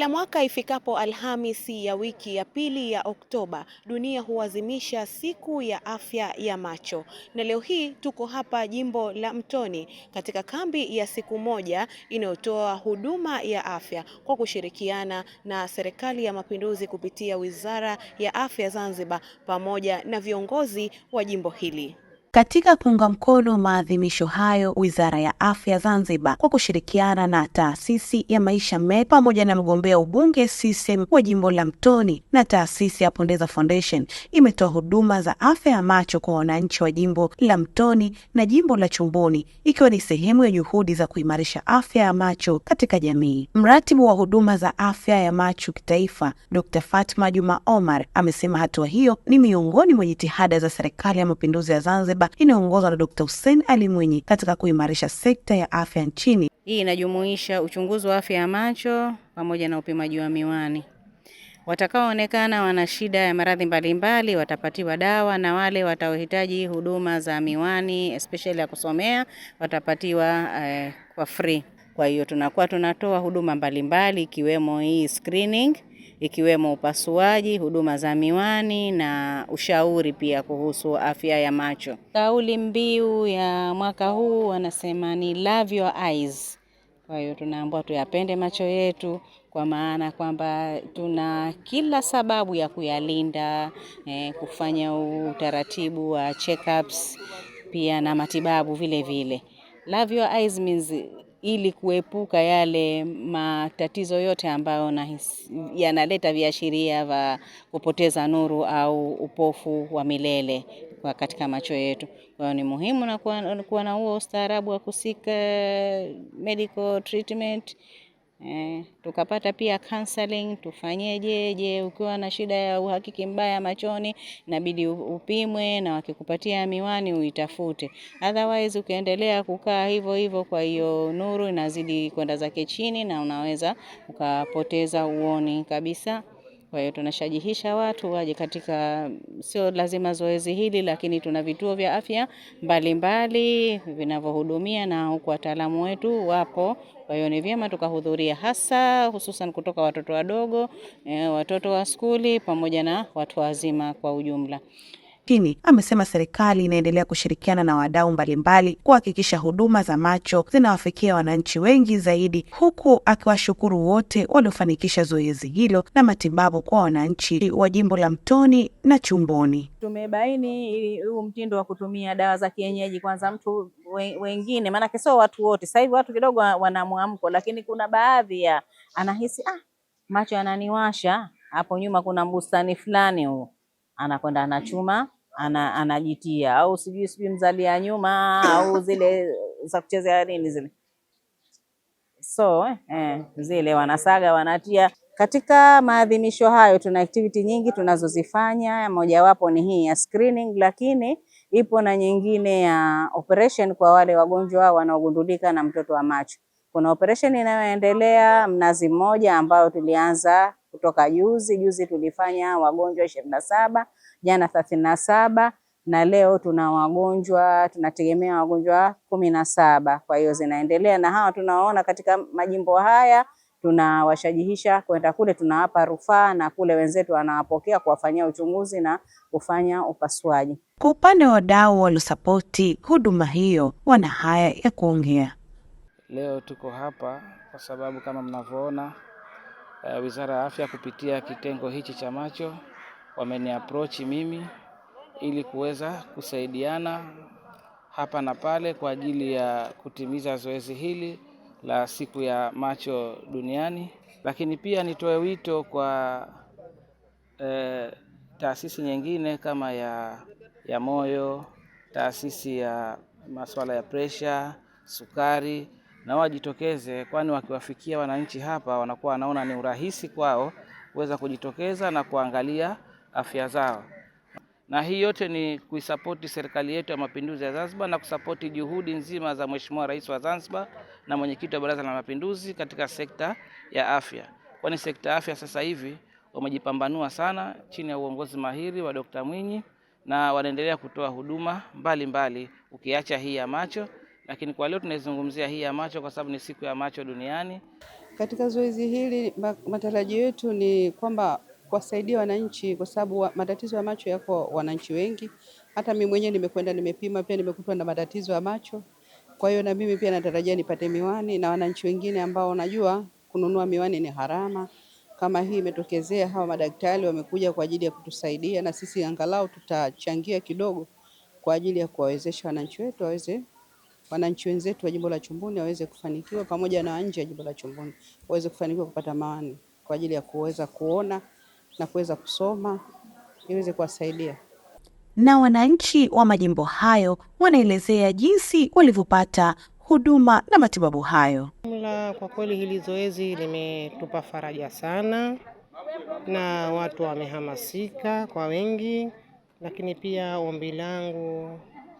Kila mwaka ifikapo Alhamisi ya wiki ya pili ya Oktoba, dunia huadhimisha siku ya afya ya macho, na leo hii tuko hapa jimbo la Mtoni katika kambi ya siku moja inayotoa huduma ya afya kwa kushirikiana na Serikali ya Mapinduzi kupitia Wizara ya Afya Zanzibar pamoja na viongozi wa jimbo hili. Katika kuunga mkono maadhimisho hayo, Wizara ya Afya Zanzibar kwa kushirikiana na Taasisi ya Maisha Med pamoja na mgombea ubunge CCM wa jimbo la Mtoni na Taasisi ya Pondeza Foundation imetoa huduma za afya ya macho kwa wananchi wa jimbo la Mtoni na jimbo la Chumbuni ikiwa ni sehemu ya juhudi za kuimarisha afya ya macho katika jamii. Mratibu wa huduma za afya ya macho kitaifa, Dr. Fatma Juma Omar amesema hatua hiyo ni miongoni mwa jitihada za Serikali ya Mapinduzi ya Zanzibar Zanzibar inayoongozwa na Dkt. Hussein Ali Mwinyi katika kuimarisha sekta ya afya nchini. Hii inajumuisha uchunguzi wa afya ya macho pamoja na upimaji wa miwani. Watakaoonekana wana shida ya maradhi mbalimbali watapatiwa dawa, na wale wataohitaji huduma za miwani especially ya kusomea watapatiwa eh, kwa free. Kwa hiyo tunakuwa tunatoa huduma mbalimbali ikiwemo hii screening, ikiwemo upasuaji, huduma za miwani na ushauri pia kuhusu afya ya macho. Kauli mbiu ya mwaka huu wanasema ni love your eyes. Kwa hiyo tunaambiwa tuyapende macho yetu kwa maana kwamba tuna kila sababu ya kuyalinda eh, kufanya utaratibu wa checkups pia na matibabu vile vile. Love your eyes means ili kuepuka yale matatizo yote ambayo yanaleta viashiria vya kupoteza nuru au upofu wa milele kwa katika macho yetu. Kwa hiyo ni muhimu na kuwa na huo ustaarabu wa kusika medical treatment eh, tukapata pia counseling, tufanyeje? Je, ukiwa na shida ya uhakiki mbaya machoni inabidi upimwe, na wakikupatia miwani uitafute, otherwise ukiendelea kukaa hivyo hivyo, kwa hiyo nuru inazidi kwenda zake chini na unaweza ukapoteza uoni kabisa. Kwa hiyo tunashajihisha watu waje katika, sio lazima zoezi hili, lakini tuna vituo vya afya mbalimbali vinavyohudumia na huku wataalamu wetu wapo. Kwa hiyo ni vyema tukahudhuria, hasa hususan kutoka watoto wadogo, eh, watoto wa skuli pamoja na watu wazima kwa ujumla umaskini. Amesema serikali inaendelea kushirikiana na wadau mbalimbali kuhakikisha huduma za macho zinawafikia wananchi wengi zaidi, huku akiwashukuru wote waliofanikisha zoezi hilo na matibabu kwa wananchi wa jimbo la Mtoni na Chumboni. Tumebaini huu mtindo wa kutumia dawa za kienyeji, kwanza mtu wengine, maanake sio watu wote. Sasa hivi watu kidogo wanamwamko lakini kuna baadhi ya anahisi ah, macho yananiwasha. Hapo nyuma kuna bustani fulani, huu anakwenda anachuma ana anajitia au sijui sijui mzalia nyuma au zile za kuchezea nini zile so eh, zile wanasaga wanatia. Katika maadhimisho hayo tuna activity nyingi tunazozifanya, mojawapo ni hii ya screening, lakini ipo na nyingine ya operation kwa wale wagonjwa wanaogundulika na mtoto wa macho. Kuna operation inayoendelea Mnazi Mmoja ambayo tulianza kutoka juzi juzi, tulifanya wagonjwa ishirini na saba jana thelathini na saba na leo tuna wagonjwa tunategemea wagonjwa kumi na saba. Kwa hiyo zinaendelea, na hawa tunawaona katika majimbo haya tunawashajihisha kwenda kule, tunawapa rufaa na kule wenzetu wanawapokea kuwafanyia uchunguzi na kufanya upasuaji. Kwa upande wa wadau waliosapoti huduma hiyo, wana haya ya kuongea. Leo tuko hapa kwa sababu kama mnavyoona, uh, Wizara ya Afya kupitia kitengo hichi cha macho wameniapproach mimi ili kuweza kusaidiana hapa na pale kwa ajili ya kutimiza zoezi hili la siku ya macho duniani. Lakini pia nitoe wito kwa eh, taasisi nyingine kama ya, ya moyo, taasisi ya masuala ya presha, sukari na wajitokeze, kwani wakiwafikia wananchi hapa wanakuwa wanaona ni urahisi kwao kuweza kujitokeza na kuangalia afya zao, na hii yote ni kuisapoti serikali yetu ya mapinduzi ya Zanzibar na kusapoti juhudi nzima za Mheshimiwa Rais wa Zanzibar na mwenyekiti wa Baraza la Mapinduzi katika sekta ya afya, kwani sekta ya afya sasa hivi wamejipambanua sana chini ya uongozi mahiri wa Dkt. Mwinyi na wanaendelea kutoa huduma mbalimbali mbali, ukiacha hii ya macho lakini kwa leo tunaizungumzia hii ya macho kwa sababu ni siku ya macho duniani. Katika zoezi hili matarajio yetu ni kwamba kuwasaidia wananchi, kwa sababu matatizo ya macho yako wananchi wengi. Hata mimi mwenyewe nimekwenda nimepima, pia nimekutwa na matatizo ya macho. Kwa hiyo na mimi pia natarajia nipate miwani na wananchi wengine ambao najua kununua miwani ni harama kama hii imetokezea, hawa madaktari wamekuja kwa ajili ya kutusaidia, na sisi angalau tutachangia kidogo kwa ajili ya kuwawezesha wananchi wetu waweze, wananchi wenzetu wa jimbo la Chumbuni waweze kufanikiwa, pamoja na nje ya jimbo la Chumbuni waweze kufanikiwa kupata miwani kwa ajili ya kuweza kuona na kuweza kusoma iweze kuwasaidia. Na wananchi wa majimbo hayo wanaelezea jinsi walivyopata huduma na matibabu hayo. Jumla kwa kweli, hili zoezi limetupa faraja sana, na watu wamehamasika kwa wengi, lakini pia ombi langu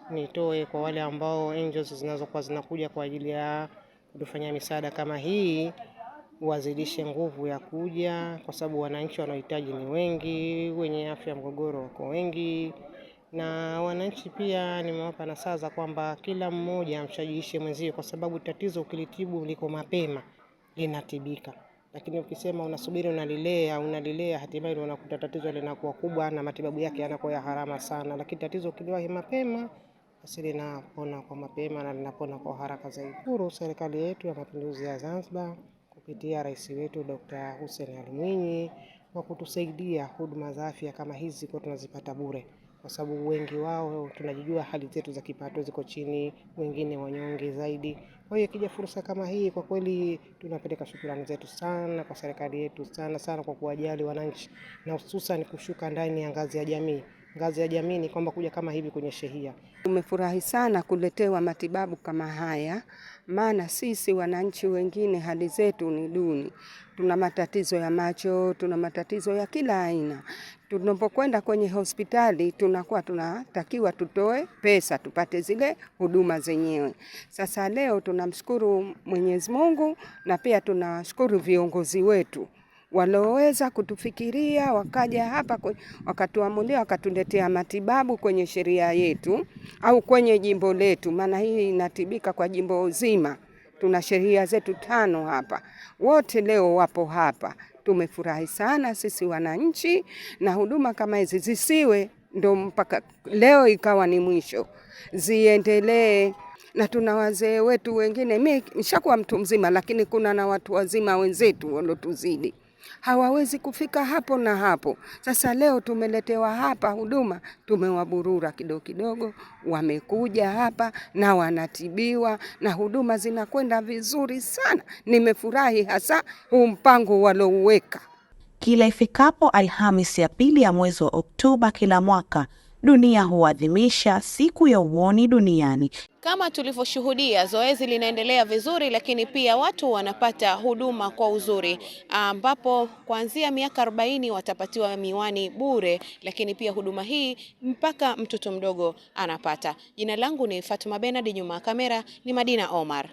nitoe kwa wale ambao angels zinazokuwa zinakuja kwa ajili ya kutufanyia misaada kama hii wazidishe nguvu ya kuja, kwa sababu wananchi wanaohitaji ni wengi, wenye afya mgogoro wako wengi, na wananchi pia nimewapa nasaha za kwamba kila mmoja amshajiishe mwenzie, kwa sababu tatizo ukilitibu liko mapema linatibika, lakini ukisema unasubiri unalilea unalilea, hatimaye unakuta tatizo linakuwa kubwa na matibabu yake yanakuwa ya harama sana. Lakini tatizo ukiliwahi mapema basi linapona kwa mapema na linapona kwa haraka zaidi. Shukuru Serikali yetu ya Mapinduzi ya Zanzibar kupitia rais wetu Dr. Hussein Ali Mwinyi kwa kutusaidia huduma za afya kama hizi kwa tunazipata bure, kwa sababu wengi wao tunajijua hali zetu za kipato ziko chini, wengine wanyonge zaidi. Kwa hiyo ikija fursa kama hii, kwa kweli tunapeleka shukrani zetu sana kwa serikali yetu sana sana kwa kuwajali wananchi na hususan kushuka ndani ya ngazi ya jamii ngazi ya jamii ni kwamba kuja kama hivi kwenye shehia. Tumefurahi sana kuletewa matibabu kama haya, maana sisi wananchi wengine hali zetu ni duni, tuna matatizo ya macho, tuna matatizo ya kila aina. Tunapokwenda kwenye hospitali tunakuwa tunatakiwa tutoe pesa tupate zile huduma zenyewe. Sasa leo tunamshukuru Mwenyezi Mungu na pia tunawashukuru viongozi wetu walioweza kutufikiria wakaja hapa wakatuamulia wakatuletea matibabu kwenye sheria yetu au kwenye jimbo letu, maana hii inatibika kwa jimbo zima. Tuna sheria zetu tano hapa, wote leo wapo hapa. Tumefurahi sana sisi wananchi, na huduma kama hizi zisiwe ndo mpaka leo ikawa ni mwisho, ziendelee na tuna wazee wetu wengine. Mi nishakuwa mtu mzima, lakini kuna na watu wazima wenzetu walotuzidi hawawezi kufika hapo na hapo. Sasa leo tumeletewa hapa huduma, tumewaburura kidogo kidogo, wamekuja hapa na wanatibiwa na huduma zinakwenda vizuri sana. Nimefurahi hasa huu mpango walouweka. Kila ifikapo Alhamis ya pili ya mwezi wa Oktoba kila mwaka dunia huadhimisha siku ya uoni duniani. Kama tulivyoshuhudia, zoezi linaendelea vizuri, lakini pia watu wanapata huduma kwa uzuri, ambapo kuanzia miaka 40 watapatiwa miwani bure, lakini pia huduma hii mpaka mtoto mdogo anapata. Jina langu ni Fatuma Benard, nyuma ya kamera ni Madina Omar.